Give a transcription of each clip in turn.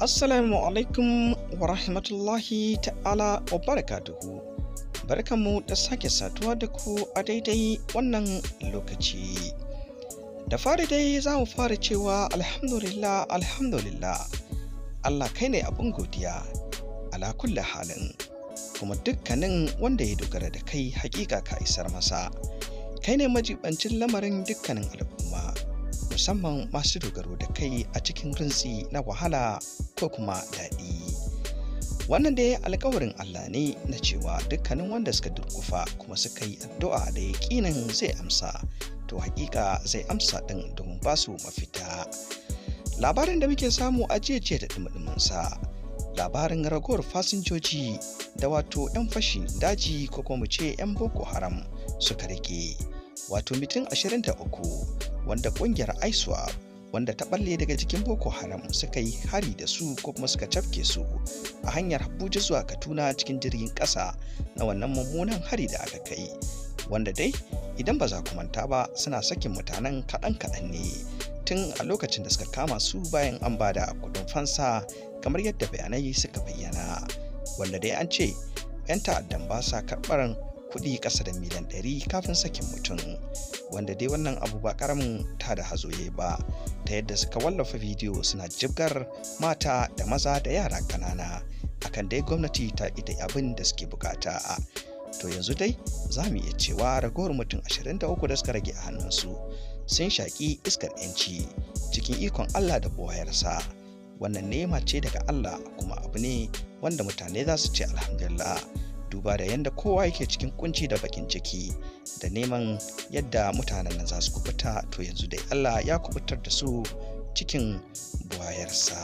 Assalamu alaikum wa rahmatullahi ta'ala wa barakatuhu. Barkanmu da sake satuwa da ku a daidai wannan lokaci. Da fari dai za mu fara cewa alhamdulillah alhamdulillah. Allah kai ne abin godiya ala kulli halin kuma dukkanin wanda ya dogara da kai hakika ka isar masa. Kai ne majibancin lamarin dukkanin al'umma. musamman masu dogaro da kai a cikin rintsi na wahala ko kuma daɗi wannan da dai alkawarin Allah ne na cewa dukkanin wanda suka durkufa kuma suka yi addu'a da yaƙinin zai amsa to haƙiƙa zai amsa ɗin domin ba su mafita labarin da muke samu a jiya da ɗumɗuminsa labarin ragowar fasinjoji da wato 'yan fashi daji ko kuma ce 'yan boko haram suka rike wato mutum 23 wanda kungiyar iswap wanda ta balle daga cikin boko haram suka yi hari da su ko kuma suka cafke su a hanyar abuja zuwa katuna cikin jirgin ƙasa na wannan mummunan hari da aka kai wanda dai idan ba za ku manta ba suna sakin mutanen kaɗan kaɗan ne tun a lokacin da suka kama su bayan an ba da kuɗin fansa kamar yadda bayanai suka bayyana wanda dai an ce 'yan ta'addan ba sa karɓar kuɗi ƙasa da miliyan 100 kafin sakin mutum wanda dai wannan abu ba karamin ta da hazoye ba ta yadda suka wallafa bidiyo suna jibgar mata da maza da yara kanana akan dai gwamnati ta ita abin da suke bukata to yanzu dai za mu iya cewa ragowar mutum 23 da suka rage a hannunsu sun shaƙi iskar 'yanci cikin ikon Allah da buwayarsa wannan nema ce daga Allah kuma abu ne wanda mutane za su ce alhamdulillah duba da yadda kowa yake cikin kunci da bakin ciki da neman yadda mutanen nan za su kubuta to yanzu dai Allah ya kubutar da su cikin buwayarsa.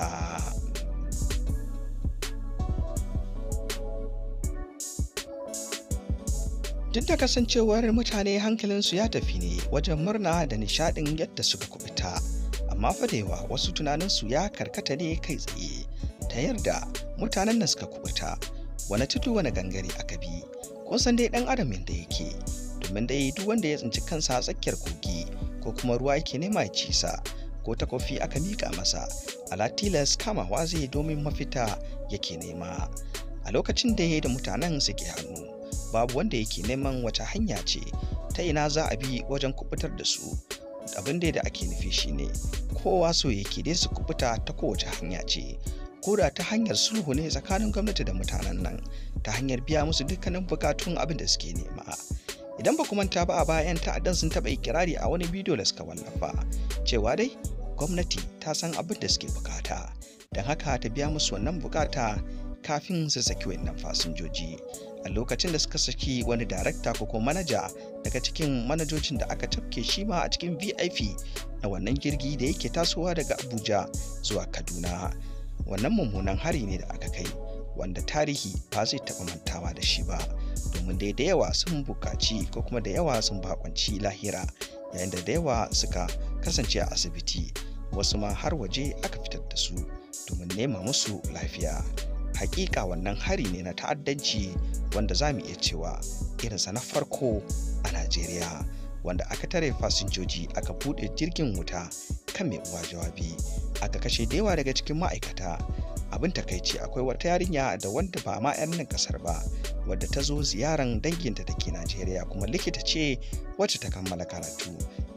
duk da kasancewar mutane hankalinsu ya tafi ne wajen murna da nishadin yadda suka kubuta amma fadewa wasu tunaninsu ya karkata ne kai tsaye ta yarda mutanen da suka kubuta wani tudu wani gangare aka bi kun san dai dan adam da yake domin dai duk wanda ya tsinci kansa a tsakiyar kogi ko kuma ruwa yake nema ya ci sa ko ta kofi aka mika masa ala tilas kamawa zai domin mafita yake nema a lokacin da ya da mutanen suke hannu babu wanda yake neman wata hanya ce ta ina za a bi wajen kubutar da su abin da ake nufi shine kowa so yake dai su kubuta ta kowace hanya ce Koda ta hanyar sulhu ne tsakanin gwamnati da mutanen nan ta hanyar biya musu dukkanin bukatun abin da suke nema idan ba manta ba a bayan ta'addan sun taɓa ikirari a wani bidiyo da suka wallafa cewa dai gwamnati ta san abin da suke bukata don haka ta biya musu wannan bukata kafin su saki wannan fasinjoji a lokacin da suka saki wani darakta ko kuma manaja daga cikin manajojin da aka tafke shi ma a cikin vip na wannan jirgi da yake tasowa daga abuja zuwa kaduna wannan mummunan hari ne da aka kai wanda tarihi ba zai taɓa mantawa da shi ba domin dai da yawa sun buƙaci ko kuma da yawa sun baƙunci lahira yayin da da yawa suka kasance a asibiti wasu ma har waje aka fitar da su domin nema musu lafiya hakika wannan hari ne na ta'addanci wanda za mu iya cewa irinsa na farko a najeriya wanda aka tare fasinjoji aka buɗe jirgin wuta kan mai uwa jawabi aka kashe da yawa daga cikin ma'aikata abin takaici akwai wata yarinya da wanda ba ma 'yan nan kasar ba wadda ta zo ziyaran danginta da ke najeriya kuma likita ce wacce ta kammala karatu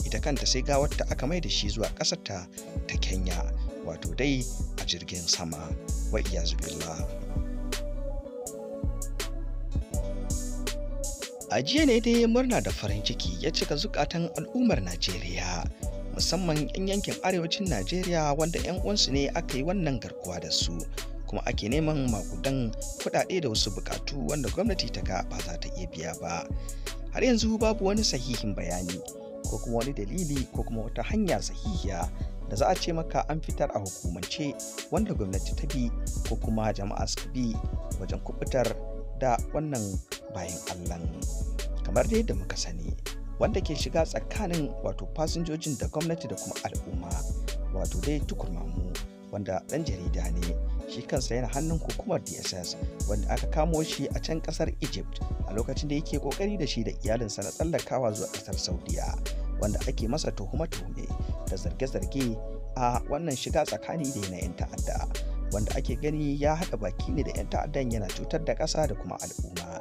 ita kanta sai ga wata aka mai da shi zuwa ƙasarta ta kenya wato dai a jirgin sama wa iya a jiya ne dai murna da farin ciki ya cika zukatan al'ummar najeriya musamman 'yan yankin arewacin najeriya wanda 'yan uwansu ne aka yi wannan garkuwa da su kuma ake neman makudan kuɗaɗe da wasu bukatu wanda gwamnati ta ga ba za ta iya biya ba har yanzu babu wani sahihin bayani ko kuma wani dalili ko kuma wata hanya sahihiya da za a ce maka an fitar a hukumance wanda gwamnati ta bi ko kuma jama'a suka bi wajen kubutar da wannan bayan allan kamar dai da muka sani wanda ke shiga tsakanin wato fasinjojin da gwamnati da kuma al'umma wato dai tukurmamu wanda ɗan jarida ne shi kansa yana hannun hukumar dss wanda aka kamo shi a can ƙasar egypt a lokacin da yake ƙoƙari da shi da iyalinsa na tsallakawa zuwa kasar saudiya wanda ake masa tuhume-tuhume da zarge-zarge a wannan shiga tsakani da na 'yan ta'adda wanda ake gani ya haɗa baki ne da 'yan ta'addan yana cutar da ƙasa da kuma al'umma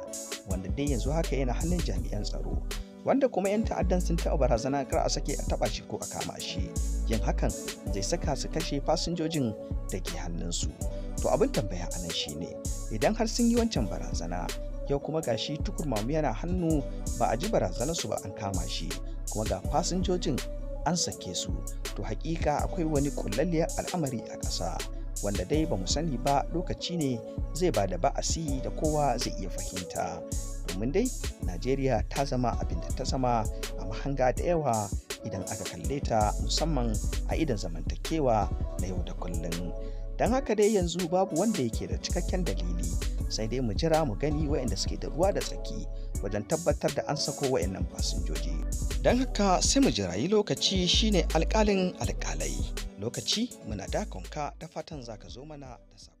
wanda dai yanzu haka yana hannun jami'an tsaro wanda kuma 'yan ta'addan sun taɓa barazana kar a sake a taɓa shi ko a kama shi yin hakan zai saka su kashe fasinjojin da ke hannunsu to abin tambaya a nan shine idan har sun yi wancan barazana yau kuma gashi tukur mamu yana hannu ba a ji barazanar su ba an kama shi kuma ga fasinjojin an sake su to hakika akwai wani kullalliyar al'amari a ƙasa wanda dai ba mu sani ba lokaci ne zai ba da ba'asi da kowa zai iya fahimta domin dai najeriya ta zama abin da ta zama a mahanga da yawa idan aka kalle ta musamman a idan zamantakewa na yau da kullum don haka dai yanzu babu wanda yake da cikakken dalili sai dai mu jira mu gani waɗanda suke da ruwa da tsaki wajen tabbatar da an sako waɗannan fasinjoji don haka sai mu jirayi lokaci shine alkalin alkalai lokaci muna dakonka da fatan zaka zo mana da sako